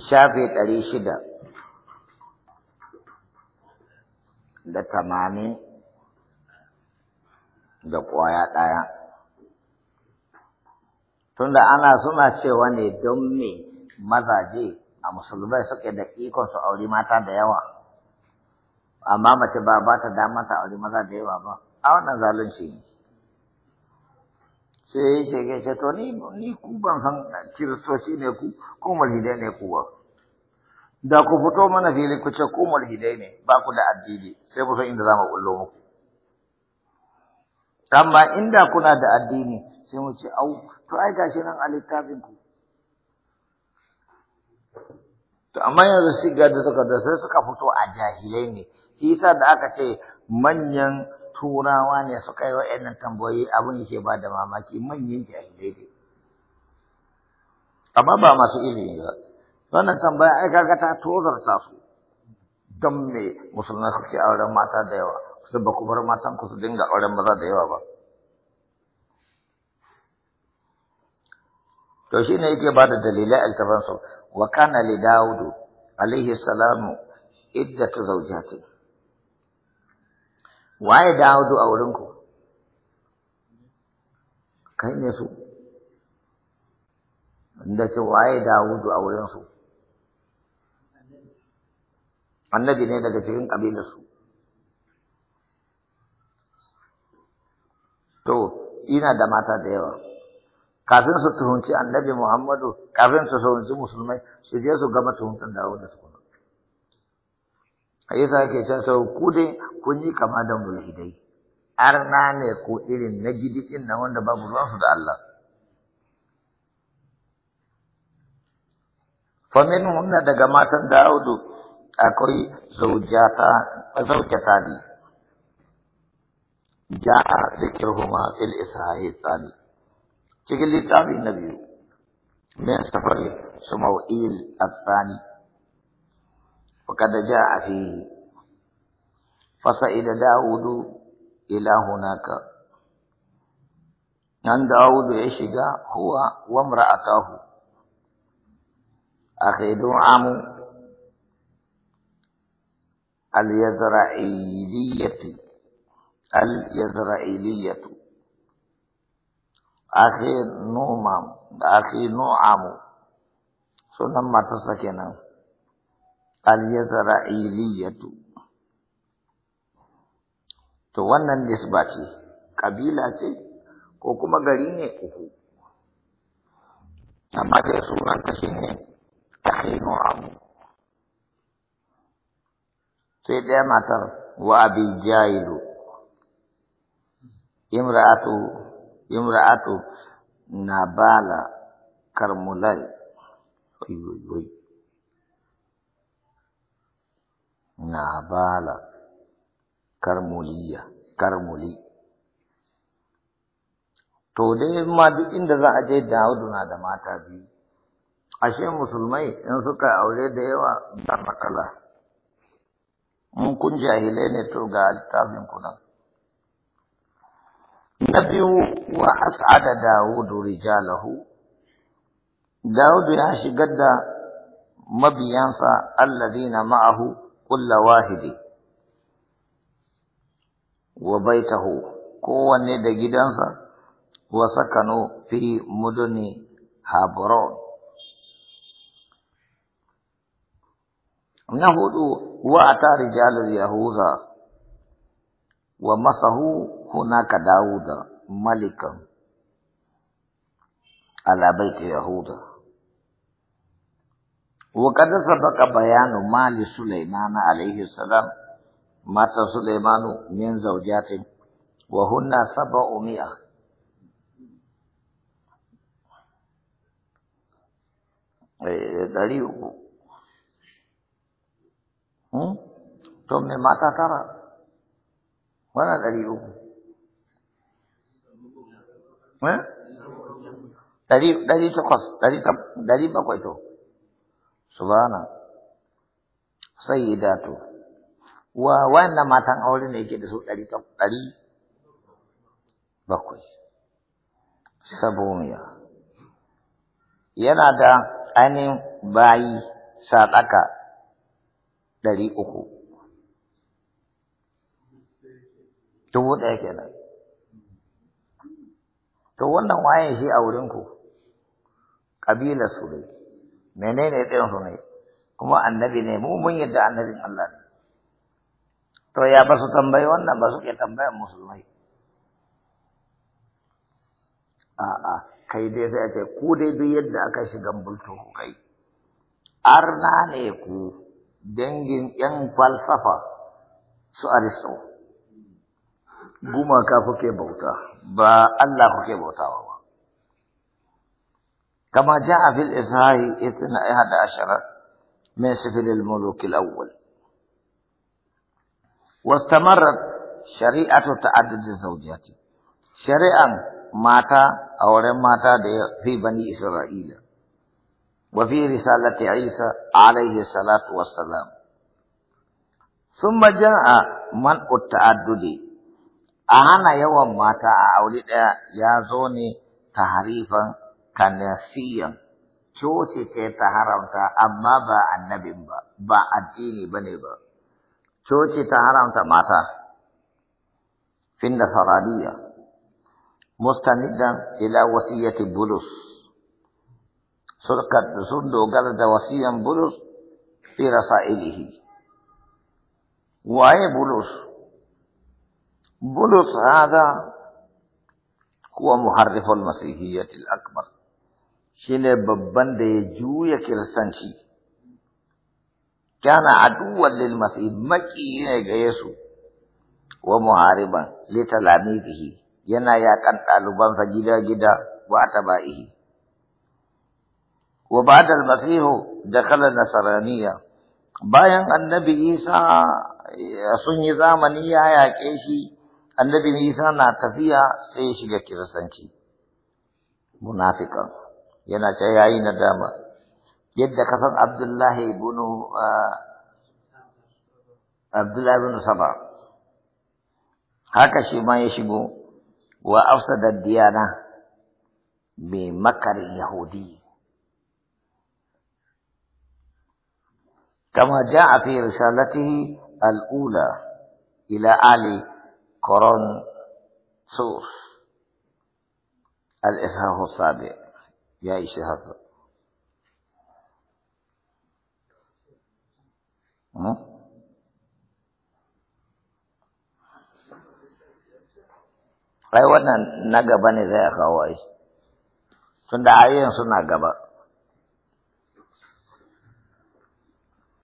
shafe ɗari shida da tamanin da ƙwaya ɗaya. Tunda ana suna cewa ne don me mazaje a musulmai suke da ikon su auri mata da yawa, amma mace ba ba ta damar ta auri maza da yawa ba, a wannan zalunci ne. sai ya shege ce to ni ni ku ban san kiristoci ne ku ko mulhidai ne ku ba da ku fito mana fili ku ce ku hidai ne ba ku da addini sai ku san inda za mu kullo muku amma inda kuna da addini sai mu ce au to ai gashi nan a littafin ku to amma yanzu shiga da suka da sai suka fito a jahilai ne shi sa da aka ce manyan turawa ne suka yi wa'annan tambayoyi abin yake ba da mamaki manyan jahilai ne amma ba masu ilimi ba wannan tambaya ai kaga ta tozarta su don me musulmai suke auren mata da yawa su ba ku bar matan ku su dinga auren maza da yawa ba to shi ne yake ba da dalilai altafansu wa kana li daudu alaihi salamu iddatu zawjatin waye da audu a wurinku kai ne su inda ce waye da audu a wurinsu annabi ne daga cikin ƙabilarsu to ina da mata da yawa kafin su tuhunci annabi muhammadu kafin su tuhunci musulmai su je su gama tuhuntar da su a yi sake can sau ku kun yi kama da mulhidai arna ne ko irin na gidi din na wanda babu su da Allah famin hunna daga matan da akwai zaujata zaujata ne ja'a zikirhuma fil isra'i tsani cikin littafin na biyu min safari su mau'il tsani وقد جاء فيه فصعد داود إلى هناك عند يعني داود يشجع هو وامرأته اخي دعام اليزرائيلية اليزرائيلية أخي نومام أخي نوعام سنة ما تسكنه al-Yazra'iliyatu to wannan nisba ce kabila ce ko kuma gari ne uku amma dai sunan ta shine tahrimu abu sai ɗaya matar wa bi jailu imra'atu imra'atu nabala karmulai oyoyoyi Nabala, Karmuliya, Karmuli. To dai ma duk inda za a je Dawudu na da mata biyu. Ashe musulmai in suka aure da yawa da makala Mun kun jahilai ne to ga littafin kuna. Na biyu wa as'ada Dawudu rijalahu. Dawudu ya shigar da mabiyansa alladina ma'ahu kulla wahidi wa baitahu kowanne da gidansa wa sakanu fi muduni habron na hudu wa ata rijalul yahuza wa masahu hunaka dauda malikan ala baiti yahuda وقد سبق بيان ما لسليمان عليه السلام مات سليمان من زوجات وهن سبع مئة إيه، داري ثم مات ترى ولا داري أبو داري داري شخص داري داري بقى subhana sayyidatu wa wannan matan aure ne yake da su ɗari ɗari bakwai sabomiya yana da ainihin bayi saɗaka ɗari uku dubu ɗaya nan, to wannan waye shi a wurinku ƙabilar su dai menene ne su ne kuma annabi ne mu mun yadda annabin Allah ne to ya ba su tambayi wannan ba su ke tambayan musulmai a'a kai dai sai a ce ku dai duk yadda aka shiga bulto ku kai arna ne ku dangin yan falsafa su aristo ka kuke bauta ba Allah kuke bautawa ba كما جاء في الإزهار اثنى أحد عشر من سفل الملوك الأول واستمرت شريعة تعدد الزوجات شريعة ماتا أو ماتا في بني إسرائيل وفي رسالة عيسى عليه الصلاة والسلام ثم جاء من التعدد أهانا يوم ماتا أولئك زوني تحريفا kanasiyan coci ce ta haramta amma ba annabin ba ba addini ba ne ba coci ta haramta mata fin saradiya mustanidan ila wasiyati bulus sun dogara da wasiyan bulus fi rasa'ilihi waye bulus bulus hada huwa muharriful masihiyyati al-akbar shine babban da ya juya kiristanci kana na lilmasi masih maki ne ga Yesu wa muhariban li talamizihi yana ya kan ɗalibansa gida-gida wa taba'ihi wa ba'da almasihu masihu dakhala nasaraniya bayan annabi Isa sun yi zamani ya yaƙe shi annabi Isa na tafiya sai ya shiga kiristanci munafikan yana ce yayi nadama yadda ka san Abdullahi ibn Abdullahi ibn Saba haka shi ma ya shigo wa afsada diyana bi makarin yahudi كما جاء في رسالته الأولى إلى آل كورنثوس الإصحاح السابع ya ishe haka hmm? ai wannan na gaba ne zai kawo tun tunda ayyan suna gaba